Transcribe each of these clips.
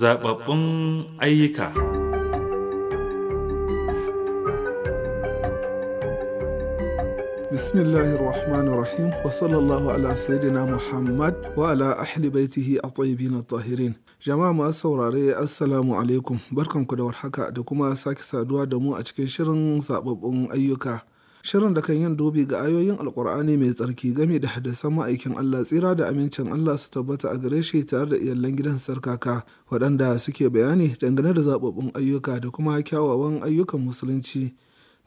Zababbun ayyuka Bismillahi rahmanir rahim wa sallallahu ala sayyidina Muhammad wa ala ahli baitihi a tayyibin tahirin. Jama'a masu saurare assalamu alaikum barkanku da warhaka da kuma sake saduwa da mu a cikin shirin zababbun ayyuka. Shirin da kan yin dubi ga ayoyin alkur'ani mai tsarki game da hadisan ma'aikin Allah tsira da amincin Allah su tabbata a gare shi tare da iyalan gidan sarkaka waɗanda suke bayani dangane da zaɓaɓɓun ayyuka da kuma kyawawan ayyukan musulunci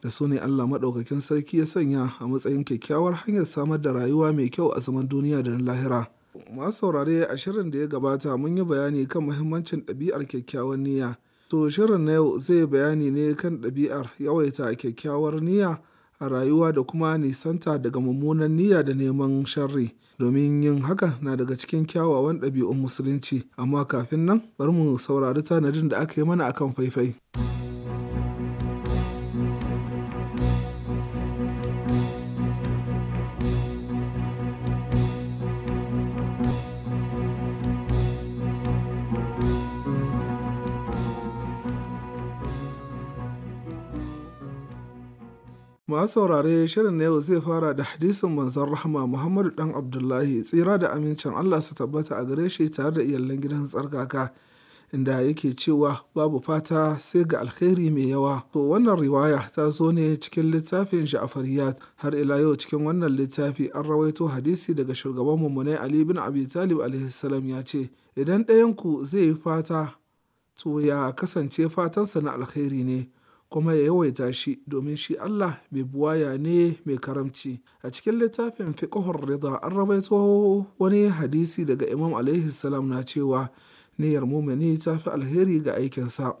da su ne Allah maɗaukakin sarki ya sanya a matsayin kyakkyawar hanyar samar da rayuwa mai kyau a zaman duniya da na lahira. Masu saurare a shirin da ya gabata mun yi bayani kan mahimmancin ɗabi'ar kyakkyawar niyya. To shirin na yau zai bayani ne kan ɗabi'ar yawaita kyakkyawar niyya a rayuwa da kuma nisanta daga mummunan niyya da neman sharri domin yin haka na daga cikin kyawawan ɗabi'un musulunci amma kafin nan bari mu saurari tanadin da aka yi mana akan faifai. masu saurare shirin na yau zai fara da hadisin manzon rahama muhammadu dan abdullahi tsira da amincin allah su tabbata a gare shi tare da iyalan gidan tsarkaka inda yake cewa babu fata sai ga alkhairi mai yawa to wannan riwaya ta zo ne cikin littafin ja'fariyat har ila yau cikin wannan littafi an rawaito hadisi daga shugaban mummunai ali bin abi talib alaihi ya ce idan ɗayanku zai yi fata to ya kasance fatansa na alkhairi ne kuma ya yawaita shi domin shi Allah mai buwaya ne mai karamci a cikin littafin fiqhur rida an rabaito wani hadisi daga Imam alaihi salam na cewa niyyar mumini ta fi alheri ga aikinsa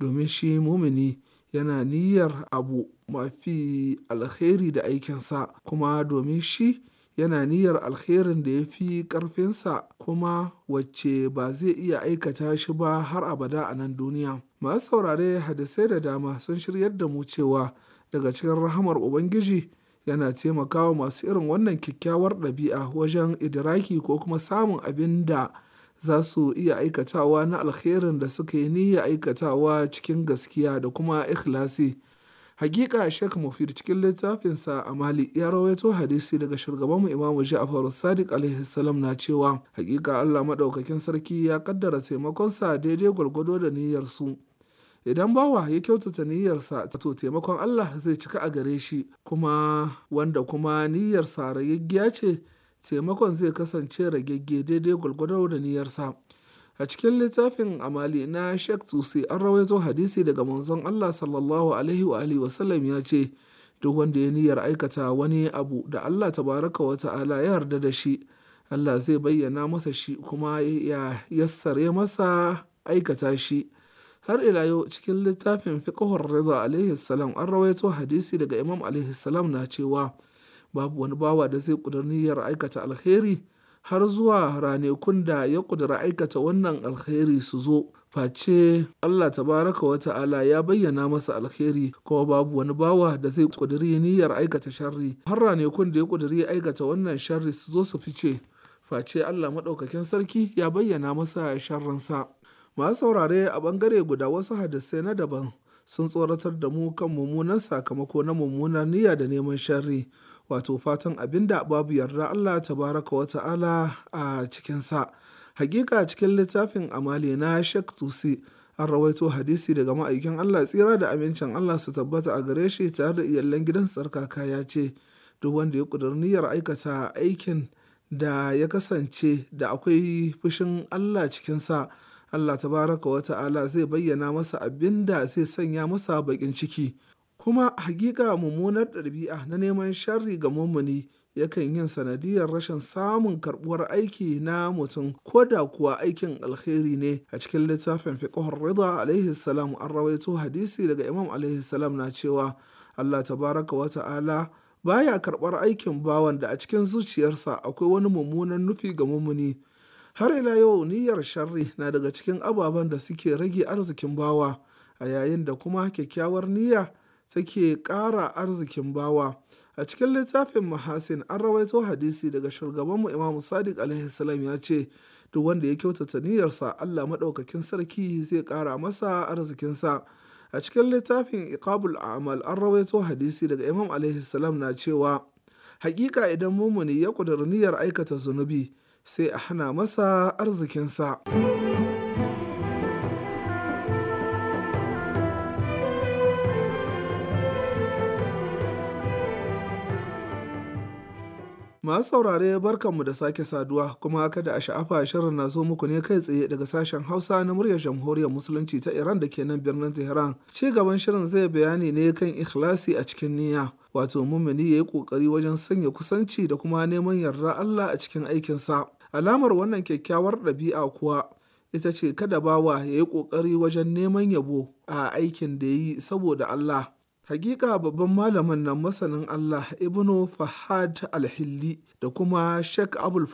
domin shi mumini yana niyyar abu mafi alheri da aikinsa kuma domin shi yana niyyar alherin da ya fi ƙarfinsa kuma wacce ba zai iya aikata shi ba har abada a nan duniya. Masu saurare hadisai da dama sun shiryar da mu cewa daga cikin rahamar Ubangiji yana taimakawa masu irin wannan kyakkyawar ɗabi'a wajen idiraki ko kuma samun abin da za su iya aikatawa na alherin da suka yi niyya aikatawa cikin gaskiya da kuma ikhlasi. Hakika shek Mufid cikin littafinsa a Mali ya rawaito hadisi daga shugaban mu imamu Ja'far Sadiq alaihi na cewa hakika Allah madaukakin sarki ya kaddara taimakonsa daidai gwargwado da niyyar su. Idan bawa ya kyautata niyyarsa to taimakon Allah zai cika a gare shi kuma wanda kuma niyyarsa ragaggiya ce taimakon zai kasance ragegge daidai gwargwado da niyyarsa. A cikin littafin Amali na shek Tusi an rawaito hadisi daga manzon Allah sallallahu alaihi wa alihi wasallam ya ce duk wanda ya niyyar aikata wani abu da Allah tabaraka wa ta'ala ya yarda da shi Allah zai bayyana masa shi kuma ya yassare masa aikata shi har ila yau cikin littafin fiqhur rida alaihi salam an rawaito hadisi daga Imam alaihi salam na cewa babu wani bawa da zai kudur aikata alkhairi har zuwa ranakun da ya ƙudiri aikata wannan alkhairi su zo face Allah tabaraka wa ta'ala ya bayyana masa alkhairi kuma babu wani bawa da zai ƙudiri niyyar aikata sharri har ranakun da ya ƙudiri aikata wannan sharri su zo su fice face Allah maɗaukakin sarki ya bayyana masa sharrinsa masu saurare a bangare guda wasu hadisai na daban sun tsoratar da mu kan mummunan sakamako na mummunar niyya da neman sharri wato fatan abin da babu yarda Allah tabaraka wa ta'ala a cikinsa. Hakika cikin littafin amali na Sheikh Tusi an rawaito hadisi daga ma'aikin Allah tsira da amincin Allah su tabbata a gare shi tare da iyalan gidan tsarkaka ya ce duk wanda ya kudur niyyar aikata aikin da ya kasance da akwai fushin Allah cikinsa Allah tabaraka wa ta'ala zai bayyana masa abin da zai sanya masa baƙin ciki. kuma hakika mummunar ɗabi'a na neman sharri ga mummuni yakan yin sanadiyar rashin samun karɓuwar aiki na mutum ko da kuwa aikin alkhairi ne a cikin littafin fiqhur rida alaihi salam an rawaito hadisi daga imam alaihi salam na cewa Allah tabaraka wa ta'ala baya karɓar aikin bawan da a cikin zuciyarsa akwai wani mummunan nufi ga mummuni har ila yau niyyar sharri na daga cikin ababen da suke rage arzikin bawa a yayin da kuma kyakkyawar niyya take ƙara arzikin bawa a cikin littafin mahasin an rawaito hadisi daga shugabanmu imam sadiq alaihissalam ya ce duk wanda ya kyautata niyyarsa allah maɗaukakin sarki zai ƙara masa arzikinsa a cikin littafin iqabul amal an rawaito hadisi daga imam alaihissalam na cewa haƙiƙa idan mumuni ya ƙudiri niyyar aikata zunubi sai a hana masa arzikinsa. Masu saurare barkanmu da sake saduwa kuma kada a sha'afa shirin na zo muku ne kai tsaye daga sashen Hausa na muryar Jamhuriyar Musulunci ta Iran da ke nan birnin Tehran. Ci gaban shirin zai bayani ne kan ikhlasi a cikin niyya. Wato mumini ya yi ƙoƙari wajen sanya kusanci da kuma neman yarda Allah a cikin aikinsa. Alamar wannan kyakkyawar ɗabi'a kuwa ita ce kada bawa ya yi ƙoƙari wajen neman yabo a aikin da ya yi saboda Allah. Hakika babban malamin nan masanin Allah ibnu Fahad al-Hilli da kuma Sheikh Abul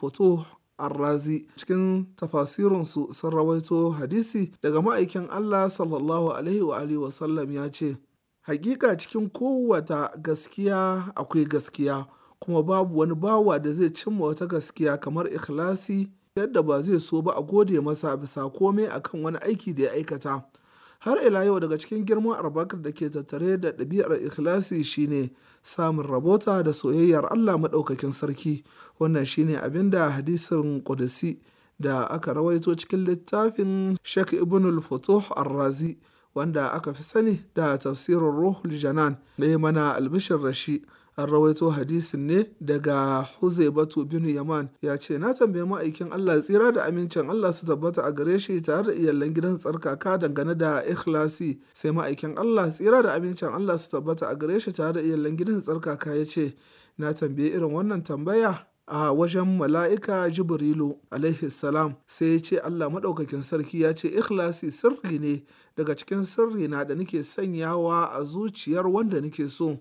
ar Arrazi cikin tafasirinsu sun rawaito hadisi daga ma'aikin Allah sallallahu alaihi wa alihi wa sallam ya ce Hakika cikin kowata gaskiya akwai gaskiya kuma babu wani bawa da zai cimma wata gaskiya kamar ikhlasi yadda ba zai so ba a gode masa bisa komai akan wani aiki da ya aikata har ila yau daga cikin girman arbakar da ke tattare da ɗabi'ar ikhlasi shine samun rabota da soyayyar Allah maɗaukakin sarki wannan shine abin da hadisin ƙudusi da aka rawaito cikin littafin Sheikh Ibn al-Futuh ar wanda aka fi sani da tafsirin Ruhul Janan da mana albishir rashi an rawaito hadisin ne daga batu bin Yaman ya ce na tambayi ma'aikin Allah tsira da amincin Allah su tabbata a gare shi tare da iyalan gidan tsarkaka dangane da ikhlasi sai ma'aikin Allah tsira da amincin Allah su tabbata a gare shi tare da iyalan gidan tsarkaka ya ce na tambayi irin wannan tambaya a wajen mala'ika jibrilu alaihi salam sai ya ce allah maɗaukakin sarki ya ce ikhlasi sirri ne daga cikin sirri na da nake sanyawa a zuciyar wanda nake so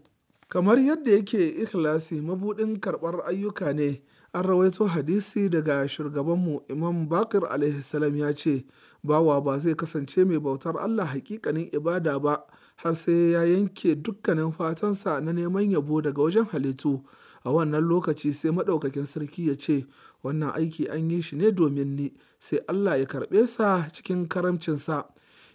kamar yadda yake ikhlasi mabuɗin karɓar ayyuka ne an rawaito hadisi daga shugabanmu imam bakir alaihissalam ya ce bawa ba zai kasance mai bautar allah hakikanin ibada ba har sai ya yanke dukkanin fatansa na neman yabo daga wajen halittu a wannan lokaci sai maɗaukakin sarki ya ce wannan aiki an yi shi ne domin ni sai allah ya karɓe sa cikin karamcinsa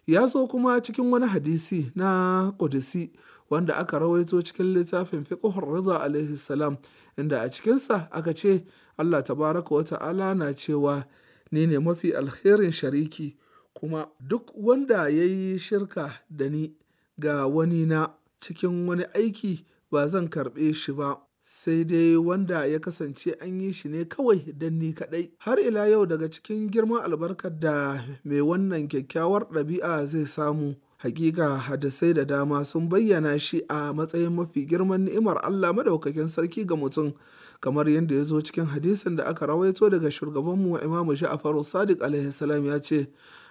ya zo kuma cikin wani hadisi na ƙudisi wanda aka rawaito cikin littafin fiqhur rida alaihi inda a cikinsa aka ce Allah tabaraka wa ta'ala na cewa ni ne mafi alherin shariki kuma duk wanda ya yi shirka da ni ga wani na cikin wani aiki ba zan karɓe shi ba sai dai wanda ya kasance an yi shi ne kawai don ni kaɗai. Har ila yau daga cikin girman albarkar da mai wannan kyakkyawar ɗabi'a zai samu. Hakika hadisai da dama sun bayyana shi a matsayin mafi girman ni'imar Allah madaukakin sarki ga mutum. kamar yadda ya zo cikin hadisin da aka rawaito daga shugabanmu imamu ja'faru sadiq alaihi salam ya ce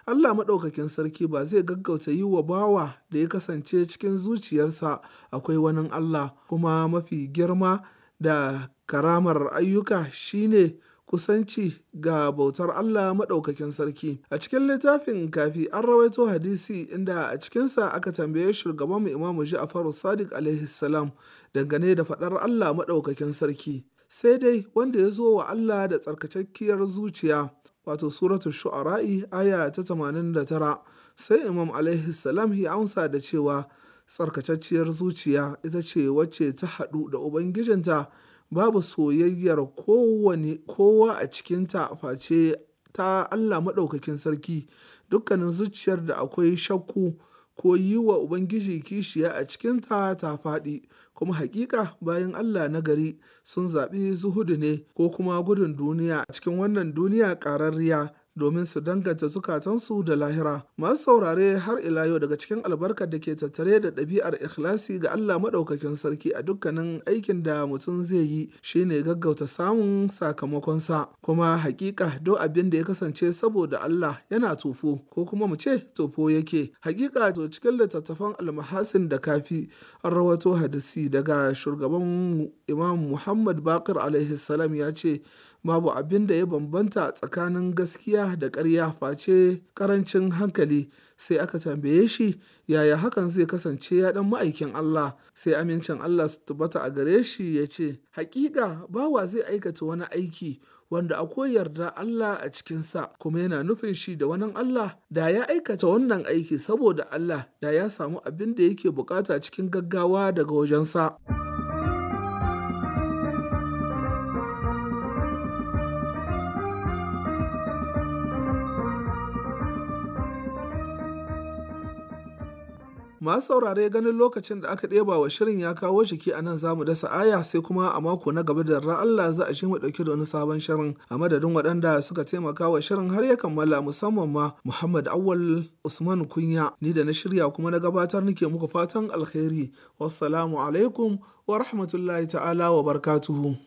Allah maɗaukakin sarki ba zai gaggauta yi wa bawa da ya kasance cikin zuciyarsa akwai wani Allah kuma mafi girma da karamar ayyuka shine kusanci ga bautar Allah maɗaukakin sarki. A cikin littafin kafi an rawaito hadisi inda a cikinsa aka tambaye shugaban mu Imamu Ja'faru Sadiq alaihi salam dangane da faɗar Allah maɗaukakin sarki. Sai dai wanda ya zo wa Allah da tsarkakakkiyar zuciya wato suratul shu'ara'i aya ta tamanin da tara sai imam alaihi ya amsa da cewa tsarkacacciyar zuciya ita ce wacce ta haɗu da ubangijinta babu soyayyar kowane kowa a cikinta face ta Allah maɗaukakin sarki dukkanin zuciyar da akwai shakku ko yi wa Ubangiji kishiya a cikinta ta faɗi, kuma haƙiƙa bayan Allah na gari sun zaɓi zuhudu ne ko kuma gudun duniya a cikin wannan duniya ƙararriya domin su danganta zukatansu da lahira masu saurare har ila yau daga cikin albarkar da ke tattare da ɗabi'ar ikhlasi ga Allah maɗaukakin sarki a dukkanin aikin da mutum zai yi shine gaggauta samun sakamakonsa kuma hakika do abin da ya kasance saboda Allah yana tofo ko kuma mu ce tofo yake hakika to cikin littattafan almahasin da kafi an rawato hadisi daga shugaban imam Muhammad Bakir alaihi ya ce babu abin da ya bambanta tsakanin gaskiya da ƙarya face ƙarancin hankali sai aka tambaye shi yaya hakan zai kasance ya ɗan ma'aikin Allah sai amincin Allah su tabbata a gare shi ya ce haƙiƙa bawa zai aikata wani aiki wanda akwai yarda Allah a cikinsa kuma yana nufin shi da wani Allah da ya aikata wannan aiki saboda Allah da ya samu abin da yake bukata cikin gaggawa daga wajensa. masu saurare ganin lokacin da aka ɗeba wa shirin ya kawo ke a nan za mu dasa aya sai kuma a mako na gaba da ra Allah za a shi mu ɗauki da wani sabon shirin a madadin waɗanda suka taimaka wa shirin har ya kammala musamman ma Muhammad awal Usman Kunya ni da na shirya kuma na gabatar nake muku fatan alkhairi wassalamu alaikum wa rahmatullahi ta'ala wa barkatuhu.